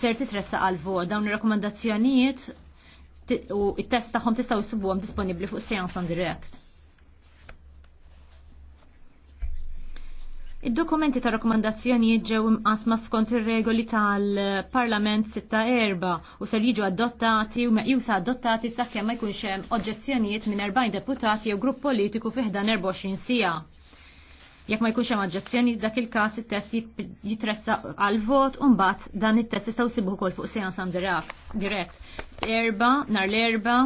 ser titressa għal vot dawn ir-rakkomandazzjonijiet u t test tagħhom tistgħu jsibuhom disponibbli fuq seans on Direct. Id-dokumenti ta' rakkomandazzjonijiet ġew imqasma skont ir-regoli tal-Parlament Erba u ser jiġu adottati u meqjusa adottati sakemm ma jkunx hemm oġġezzjonijiet minn 40 deputati jew grupp politiku fi 24 sija. Jekk ma jkunx hemm aġġazzjoni dak il-każ it-test jitressa għal vot u mbagħad dan it-test jistgħu jsibuh ukoll fuq seans direct. Erba, nar l-erba,